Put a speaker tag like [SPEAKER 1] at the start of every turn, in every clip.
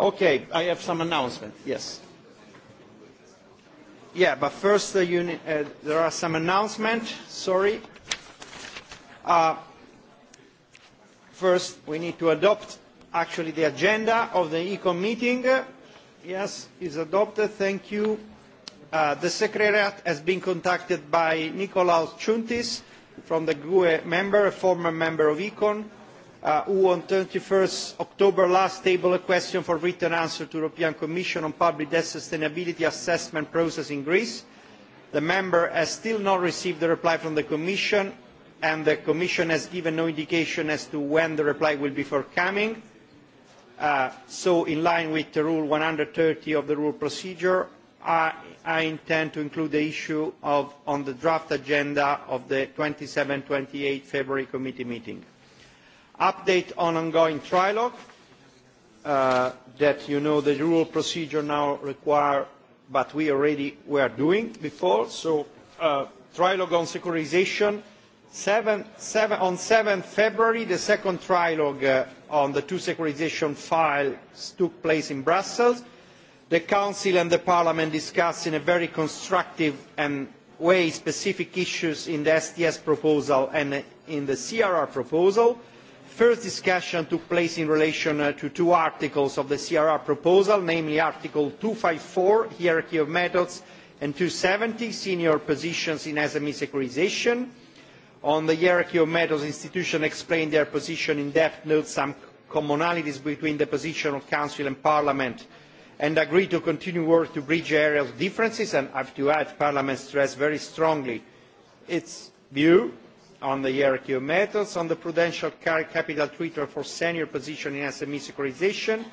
[SPEAKER 1] Okay, I have some announcement. Yes. Yeah, but first the uni uh, there are some announcements. Sorry. Uh, first, we need to adopt actually the agenda of the ECO meeting. yes, is adopted. Thank you. Uh, the Secretariat has been contacted by Nicolaus Chuntis from the GUE member, a former member of ECON uh, who on 31st October last tabled a question for written answer to the European Commission on public debt sustainability assessment process in Greece. The member has still not received a reply from the Commission and the Commission has given no indication as to when the reply will be forthcoming. Uh, so in line with the Rule one hundred and thirty of the Rule Procedure, I, I intend to include the issue of, on the draft agenda of the twenty seven twenty eight February committee meeting. Update on ongoing trilogue, uh, that you know the rule procedure now require, but we already were doing before, so uh, trilogue on securitization, seven, seven, on 7 February, the second trilogue uh, on the two securitization files took place in Brussels. The Council and the Parliament discussed in a very constructive and way specific issues in the STS proposal and in the CRR proposal first discussion took place in relation uh, to two articles of the CRR proposal, namely Article two hundred and four Hierarchy of Methods, and two hundred and seventy Senior Positions in SME Securitization. On the hierarchy of methods, institutions explained their position in depth, note some commonalities between the position of Council and Parliament, and agree to continue work to bridge areas of differences, and I have to add, Parliament stressed very strongly its view on the hierarchy of methods, on the prudential capital treatment for senior position in SME securitization.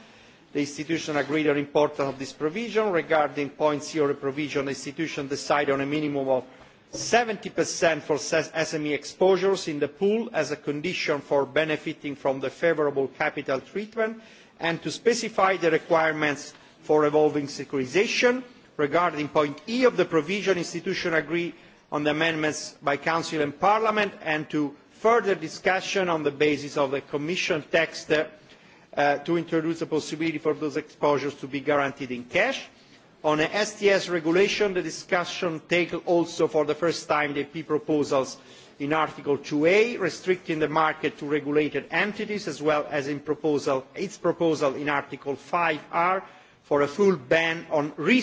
[SPEAKER 1] The institution agreed on the importance of this provision. Regarding point zero provision, the institution decided on a minimum of 70% for SME exposures in the pool as a condition for benefiting from the favourable capital treatment and to specify the requirements for evolving securitization. Regarding point E of the provision, institution agreed on the amendments by Council and Parliament and to further discussion on the basis of the Commission text uh, to introduce the possibility for those exposures to be guaranteed in cash. On the STS regulation, the discussion takes also for the first time the EP proposals in Article 2A, restricting the market to regulated entities, as well as in proposal, its proposal in Article 5R for a full ban on re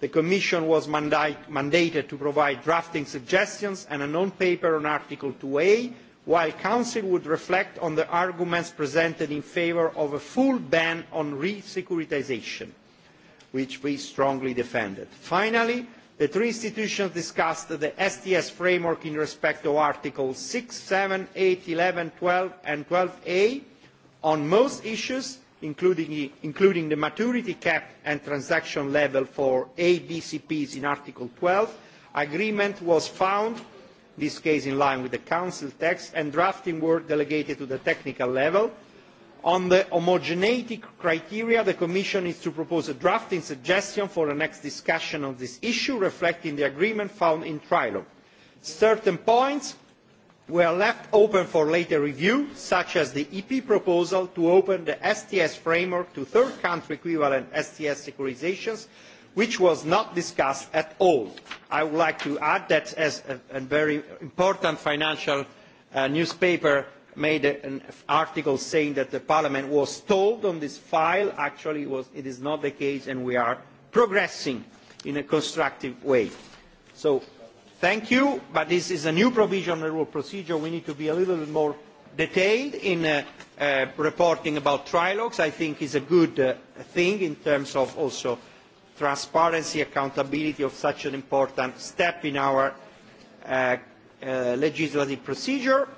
[SPEAKER 1] The Commission was mandated to provide drafting suggestions and a non-paper on Article 2A, while Council would reflect on the arguments presented in favour of a full ban on re-securitisation, which we strongly defended. Finally, the three institutions discussed the STS framework in respect of Articles 6, 7, 8, 11, 12 and 12A. On most issues, including, including the maturity cap and transaction level for ABCPs in Article 12, agreement was found, in this case in line with the Council text, and drafting work delegated to the technical level. On the homogeneity criteria, the Commission is to propose a drafting suggestion for the next discussion on this issue, reflecting the agreement found in trilogue. Certain points were left open for later review, such as the EP proposal to open the STS framework to third country equivalent STS securitizations, which was not discussed at all. I would like to add that as a, a very important financial uh, newspaper made an article saying that the parliament was stalled on this file. Actually, it, was, it is not the case and we are progressing in a constructive way. So Thank you, but this is a new provision on the rule procedure. We need to be a little bit more detailed in uh, uh, reporting about trilogues. I think is a good uh, thing in terms of also transparency, accountability of such an important step in our uh, uh, legislative procedure.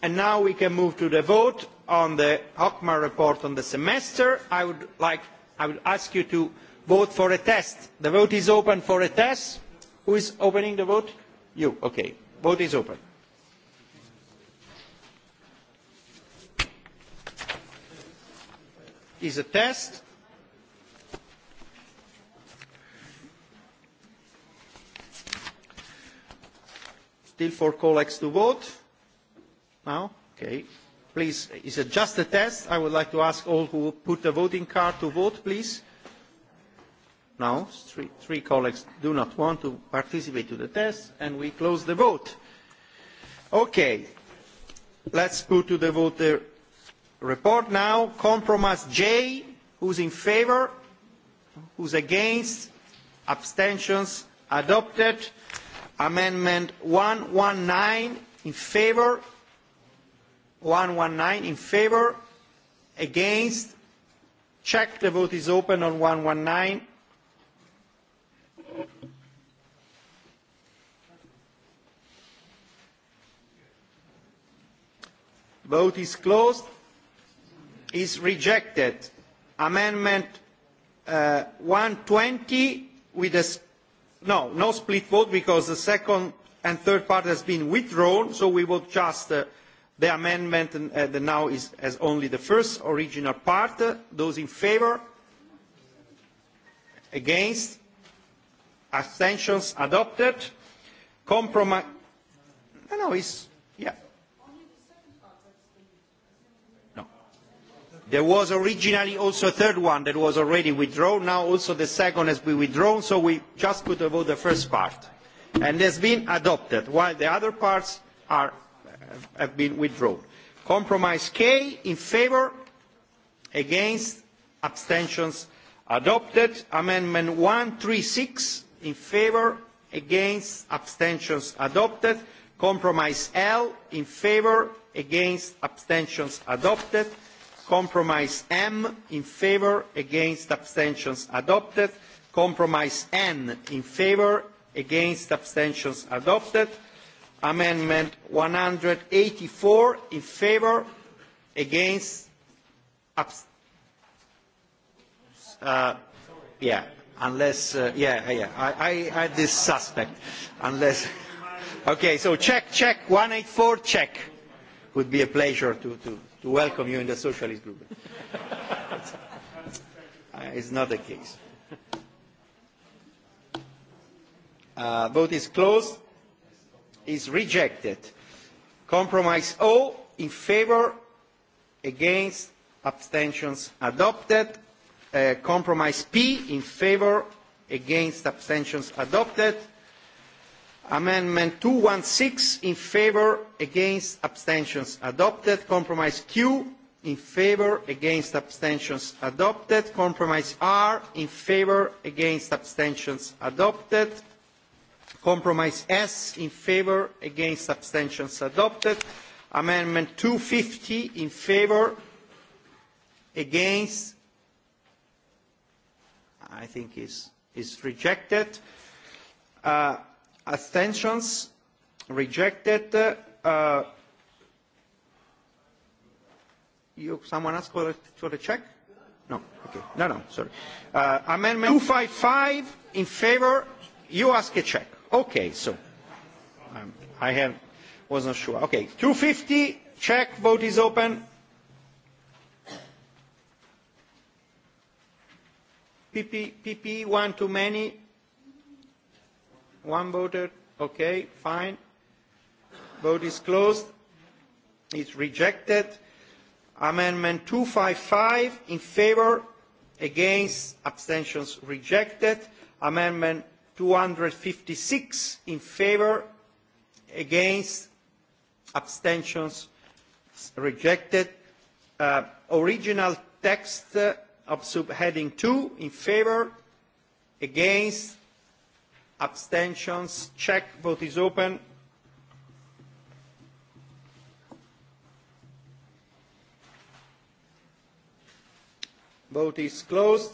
[SPEAKER 1] And now we can move to the vote on the Hochmar report on the semester. I would, like, I would ask you to vote for a test. The vote is open for a test. Who is opening the vote? You, okay. Vote is open. Is a test. Still for colleagues to vote? Now? Okay. Please, is it just a test? I would like to ask all who put a voting card to vote, please. No, three, three colleagues do not want to participate to the test, and we close the vote. Okay, let's put to the vote the report now. Compromise J, who's in favor, who's against, abstentions adopted. Amendment 119 in favor, 119 in favor, against, check the vote is open on 119. Vote is closed. Is rejected. Amendment uh, 120 with a, no, no split vote because the second and third part has been withdrawn, so we vote just uh, the amendment and, uh, that now is as only the first original part. Uh, those in favour? Against? Abstentions adopted? Compromise? No, no, it's There was originally also a third one that was already withdrawn. Now also the second has been withdrawn, so we just put to vote the first part. And has been adopted, while the other parts are, uh, have been withdrawn. Compromise K in favour, against, abstentions adopted. Amendment one hundred and thirty six in favour, against, abstentions adopted. Compromise L in favour, against, abstentions adopted. Compromise M in favour, against abstentions adopted. Compromise N in favour, against abstentions adopted. Amendment one hundred and eighty four in favour, against uh, yeah, unless, uh, yeah, yeah, I, I had this suspect, unless, okay, so check, check, 184, check it would be a pleasure to, to, to welcome you in the socialist group. it's, uh, it's not the case. Uh, vote is closed. Is rejected. Compromise O in favor, against, abstentions adopted. Uh, compromise P in favor, against, abstentions adopted. Amendment two hundred and sixteen in favour, against abstentions adopted. Compromise Q in favour, against abstentions adopted. Compromise R in favour, against abstentions adopted. Compromise S in favour, against abstentions adopted. Amendment two hundred and fifty in favour, against, I think is, is rejected. Uh, abstentions rejected uh, you someone asked for a, for a check no okay no no sorry uh, amendment 255 in favor you ask a check okay so um, i have was not sure okay 250 check vote is open PP, PP one too many One voter. Okay, fine. Vote is closed. It's rejected. Amendment 255 in favor, against, abstentions rejected. Amendment 256 in favor, against, abstentions rejected. Uh, original text of subheading 2 in favor, against, abstentions, check, vote is open. Vote is closed.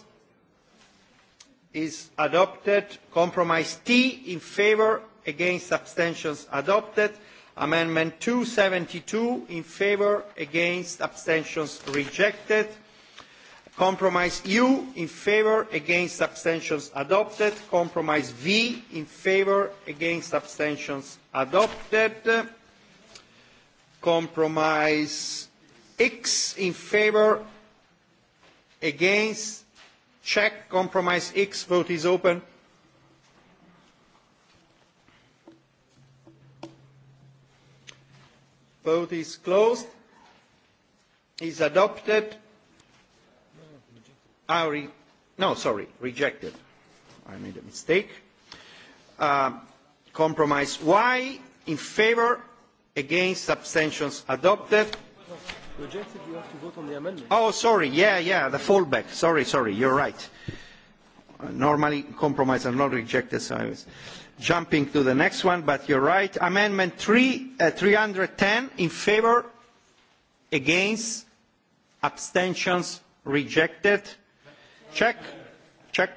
[SPEAKER 1] Is adopted. Compromise T in favor, against abstentions adopted. Amendment 272 in favor, against abstentions rejected. Compromise U in favor against abstentions adopted. Compromise V in favor against abstentions adopted. Compromise X in favor against check compromise X vote is open. Vote is closed. Is adopted. Uh, re no, sorry, rejected. I made a mistake. Uh, compromise Y in favor, against, abstentions adopted. Rejected, you have to vote on the amendment. Oh, sorry, yeah, yeah, the fallback. Sorry, sorry, you're right. Uh, normally, compromise are not rejected, so I was jumping to the next one, but you're right. Amendment three, uh, 310 in favor, against, abstentions rejected. Check. Check.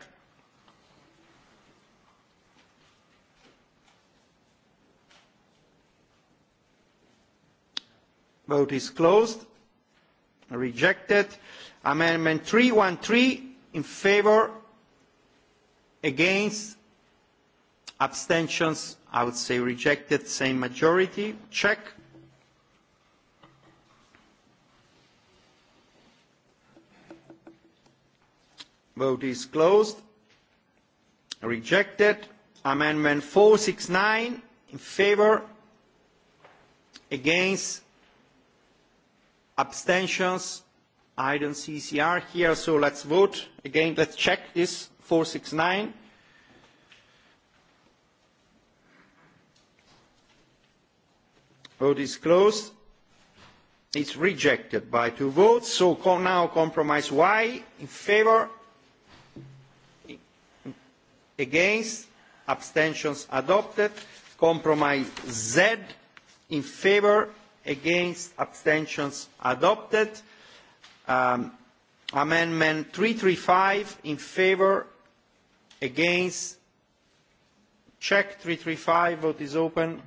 [SPEAKER 1] Vote is closed. Rejected. Amendment 313 in favor, against, abstentions, I would say rejected, same majority. Check. Vote is closed. Rejected. Amendment 469 in favor. Against. Abstentions. I don't see CR here, so let's vote. Again, let's check this 469. Vote is closed. It's rejected by two votes. So now compromise Y in favor against abstentions adopted compromise z in favor against abstentions adopted um, amendment 335 in favor against check 335 vote is open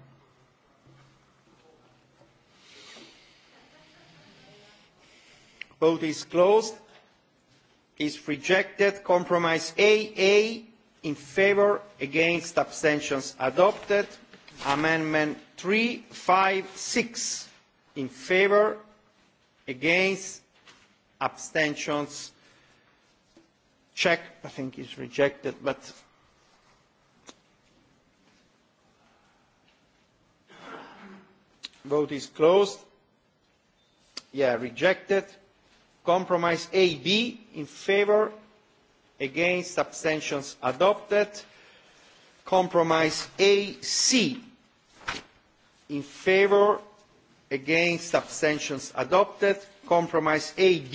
[SPEAKER 1] vote is closed is rejected compromise aa in favour against abstentions adopted amendment three five six in favour against abstentions check i think is rejected but vote is closed yeah rejected compromise ab in favour against abstentions adopted compromise AC in favor against abstentions adopted compromise AD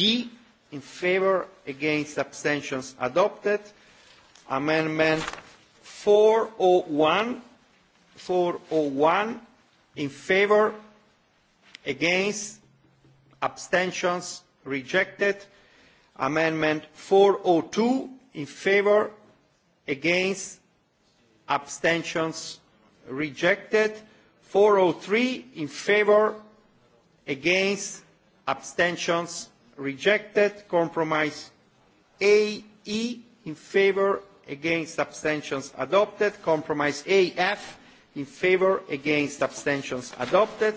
[SPEAKER 1] in favor against abstentions adopted amendment 401 401 in favor against abstentions rejected amendment 402 in favor, against, abstentions rejected. 403 in favor, against, abstentions rejected. Compromise AE in favor, against, abstentions adopted. Compromise AF in favor, against, abstentions adopted.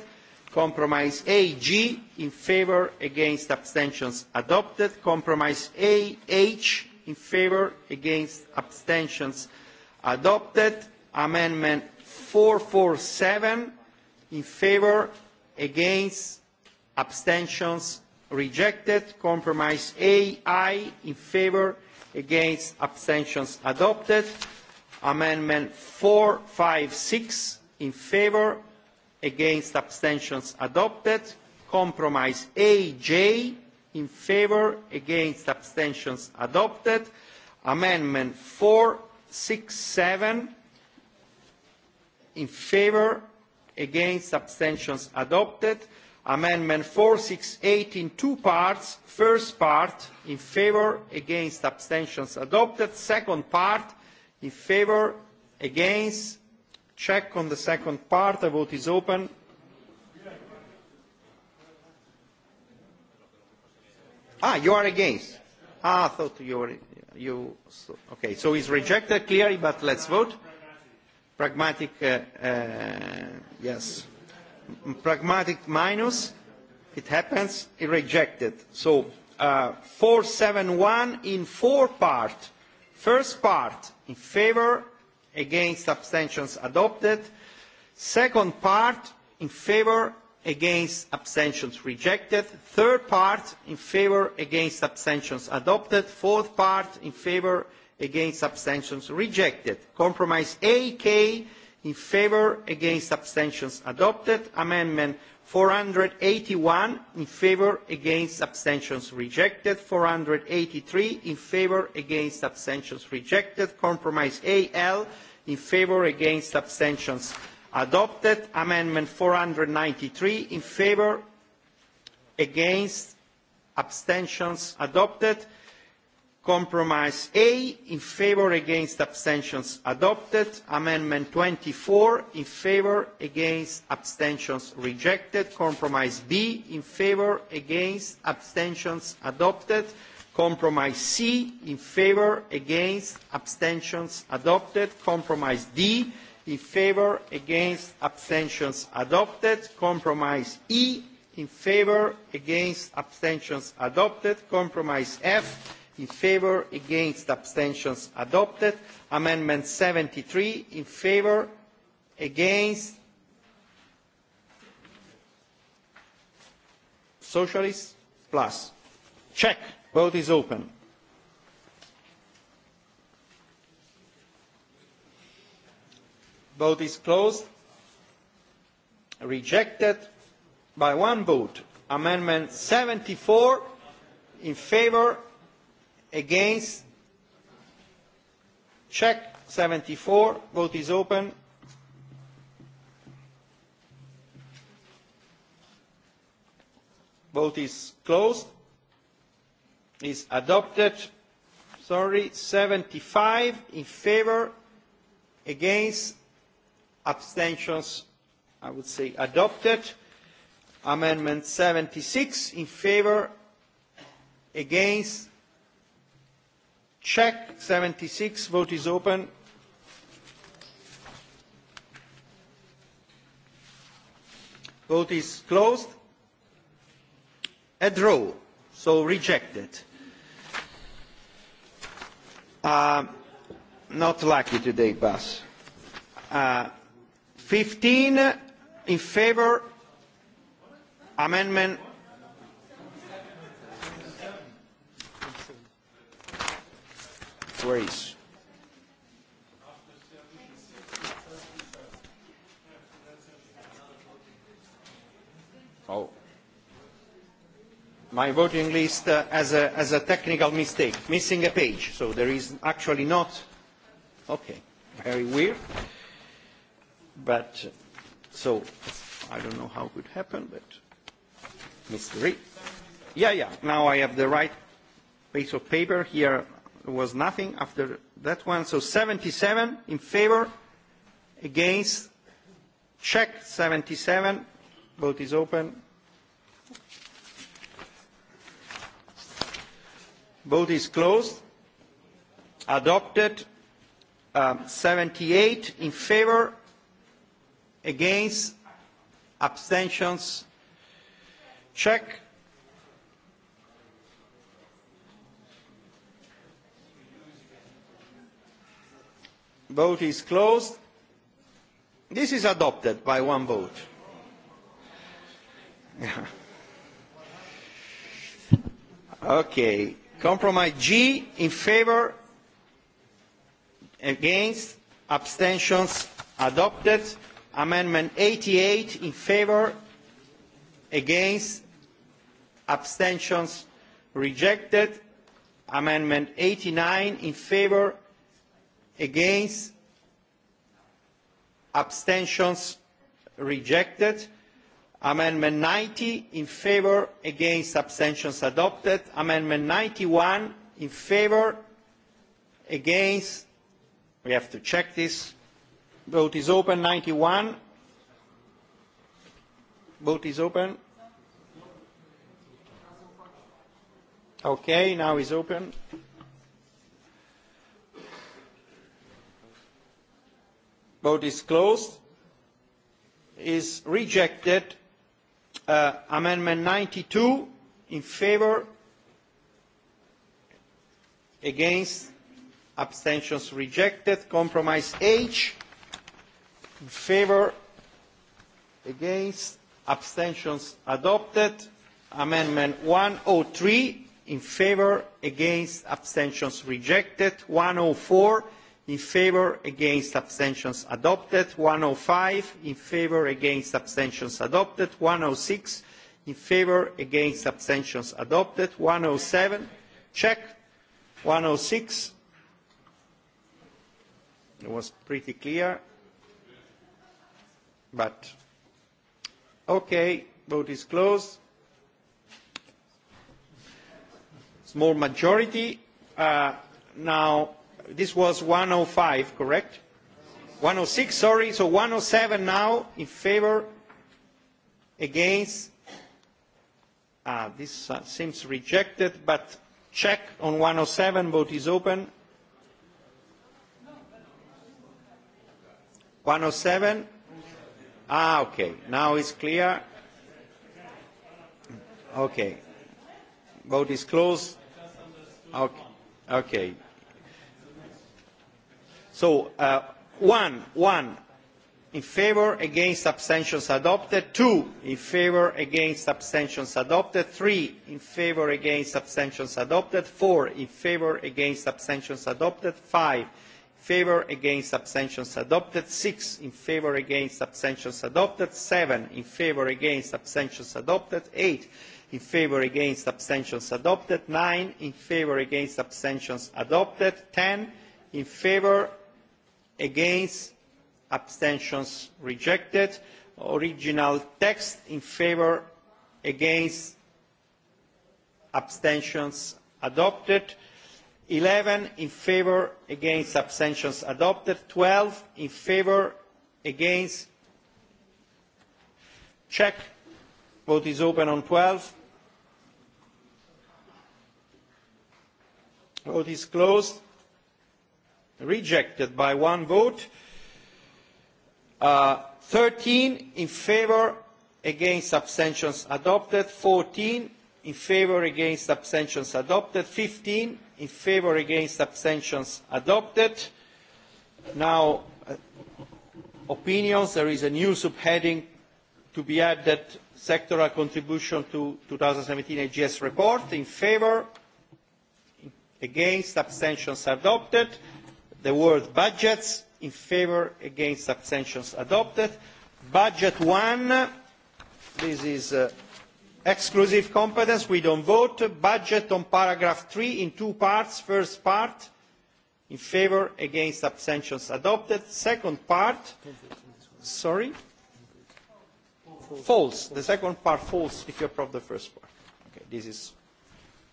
[SPEAKER 1] Compromise AG in favor, against, abstentions adopted. Compromise AH in favour against abstentions adopted amendment 447 in favour against abstentions rejected compromise ai in favour against abstentions adopted amendment 456 in favour against abstentions adopted compromise aj in favour against abstentions adopted amendment four six seven in favour against abstentions adopted amendment four six eight in two parts first part in favour against abstentions adopted second part in favour against check on the second part the vote is open Ah, you are against. Ah, I thought you were, you, so, okay, so it's rejected clearly, but let's vote. Pragmatic, uh, uh, yes. Pragmatic minus, it happens, it rejected. So, uh, 471 in four part. First part, in favor, against abstentions adopted. Second part, in favor, against abstentions rejected third part in favor against abstentions adopted fourth part in favor against abstentions rejected compromise ak in favor against abstentions adopted amendment 481 in favor against abstentions rejected 483 in favor against abstentions rejected compromise al in favor against abstentions rejected. Adopted Amendment four hundred and ninety three in favour, against, abstentions adopted. Compromise A in favour, against, abstentions adopted. Amendment twenty four in favour, against, abstentions rejected. Compromise B in favour, against, abstentions adopted. Compromise C in favour, against, abstentions adopted. Compromise D in favour against abstentions adopted compromise e in favour against abstentions adopted compromise f in favour against abstentions adopted amendment seventy three in favour against socialists plus check vote is open Vote is closed. Rejected by one vote. Amendment 74 in favor, against, check 74. Vote is open. Vote is closed. Is adopted. Sorry, 75 in favor, against, abstentions, I would say adopted. Amendment 76 in favor, against, check 76, vote is open. Vote is closed. A draw, so rejected. Uh, not lucky today, Bas. Uh, 15 in favor amendment where is oh my voting list uh, as a as a technical mistake missing a page so there is actually not okay very weird But, so, I don't know how it could happen, but mystery. Yeah, yeah, now I have the right piece of paper here. There was nothing after that one. So 77 in favor, against, check 77. Vote is open. Vote is closed. Adopted. Um, 78 in favor, against, abstentions, check. Vote is closed. This is adopted by one vote. okay. Compromise G in favor, against, abstentions adopted. Amendment 88 in favor, against, abstentions rejected. Amendment 89 in favor, against, abstentions rejected. Amendment 90 in favor, against, abstentions adopted. Amendment 91 in favor, against, we have to check this. Vote is open. 91. Vote is open. Okay, now is open. Vote is closed. Is rejected. Uh, amendment 92 in favor, against, abstentions rejected. Compromise H in favor against abstentions adopted amendment 103 in favor against abstentions rejected 104 in favor against abstentions adopted 105 in favor against abstentions adopted 106 in favor against abstentions adopted 107 check 106 it was pretty clear But, okay, vote is closed. Small majority. Uh, now, this was 105, correct? 106, sorry, so 107 now in favor, against. Uh, this uh, seems rejected, but check on 107, vote is open. 107. Ah, okay. Now it's clear. Okay. Vote is closed. Okay. okay. So, uh, one, one, in favor, against, abstentions adopted. Two, in favor, against, abstentions adopted. Three, in favor, against, abstentions adopted. Four, in favor, against, abstentions adopted. Five, favour against abstentions adopted six in favour against abstentions adopted seven in favour against abstentions adopted eight in favour against abstentions adopted nine in favour against abstentions adopted ten in favour against abstentions rejected original text in favour against abstentions adopted 11 in favour against abstentions adopted 12 in favour against check vote is open on 12 vote is closed rejected by one vote uh, 13 in favour against abstentions adopted 14 in favour against abstentions adopted 15 in favour against abstentions adopted now uh, opinions there is a new subheading to be added sectoral contribution to 2017 AGS report in favour against abstentions adopted the word budgets in favour against abstentions adopted budget 1 this is uh, exclusive competence we don't vote budget on paragraph three in two parts first part in favour against abstentions adopted second part sorry false the second part false if you approve the first part okay this is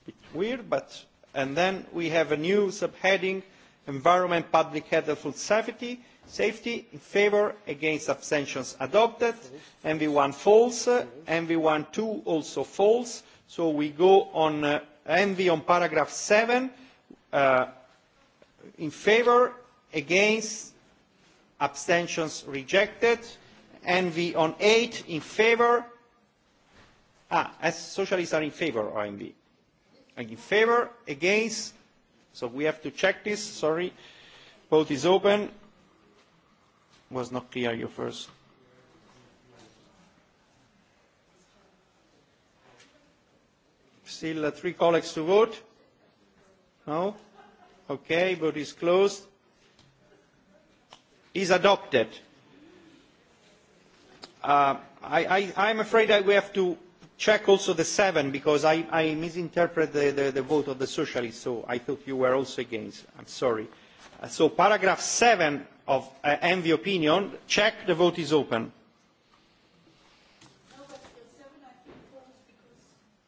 [SPEAKER 1] a bit weird but and then we have a new subheading environment, public health and food safety, safety in favour against abstentions adopted. MV1 false, MV1 2 also false. So we go on uh, on paragraph 7, uh, in favour, against, abstentions rejected. NV on 8, in favour. Ah, as socialists are in favour, of MV. In favour, against, So we have to check this, sorry. Vote is open. Was not clear you first. Still uh, three colleagues to vote? No? Okay, vote is closed. Is adopted. Uh, I, I, I'm afraid that we have to check also the seven because I, I misinterpreted the, the, the vote of the socialists, so I thought you were also against. I'm sorry. Uh, so paragraph seven of uh, envy opinion, check, the vote is open.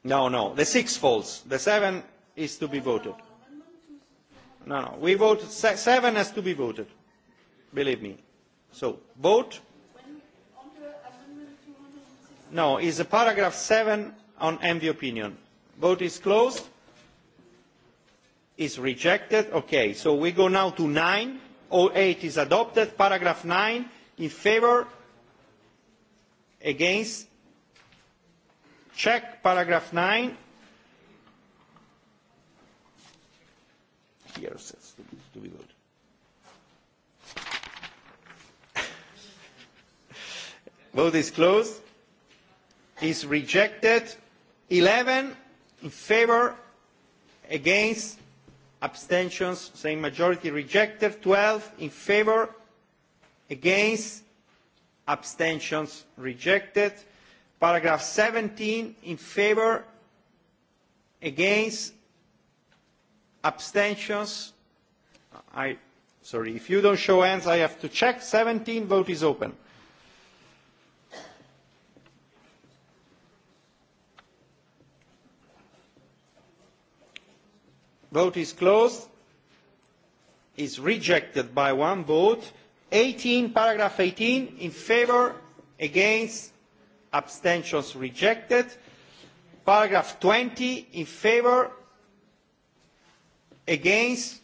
[SPEAKER 1] No, no, the six falls. The seven is to be voted. No, no, we vote, se seven has to be voted, believe me. So, vote. No, is a paragraph 7 on envy opinion. Vote is closed. Is rejected. Okay, so we go now to 9. eight is adopted. Paragraph 9 in favor, against. Check paragraph 9. Here says to be voted. Vote is closed is rejected. 11 in favor, against, abstentions, same majority rejected. 12 in favor, against, abstentions rejected. Paragraph 17 in favor, against, abstentions. I, sorry, if you don't show hands, I have to check. 17, vote is open. Vote is closed. Is rejected by one vote. 18, paragraph 18, in favor, against, abstentions rejected. Paragraph 20, in favor, against,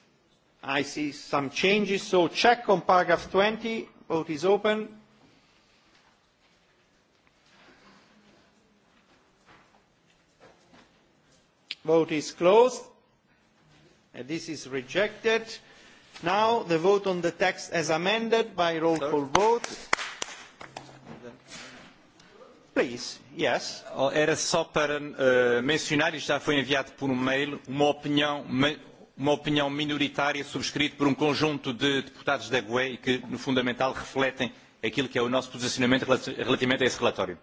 [SPEAKER 1] I see some changes, so check on paragraph 20, vote is open. Vote is closed This is rejected. Now the vote on the text as amended by roll call vote. Please, yes. Era só para uh, eh, mencionar, e já foi enviado por um mail, uma opinião, uma opinião minoritária subscrita por um conjunto de deputados da GUE e que, no fundamental, refletem aquilo que é o nosso posicionamento relativamente a esse relatório.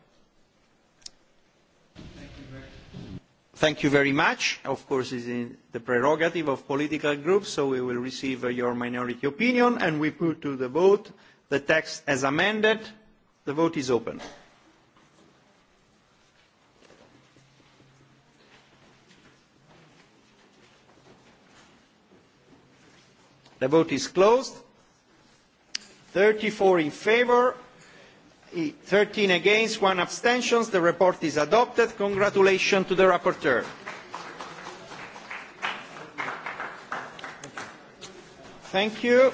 [SPEAKER 1] thank you very much. Of course, it's in the prerogative of political groups, so we will receive uh, your minority opinion and we put to the vote the text as amended. The vote is open. The vote is closed. 34 in favor, 13 e against, one abstention. The report is adopted. Congratulations to the rapporteur. Thank you.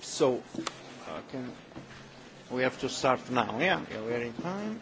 [SPEAKER 1] So, okay. Uh, we have to start now. Yeah, yeah we are in time.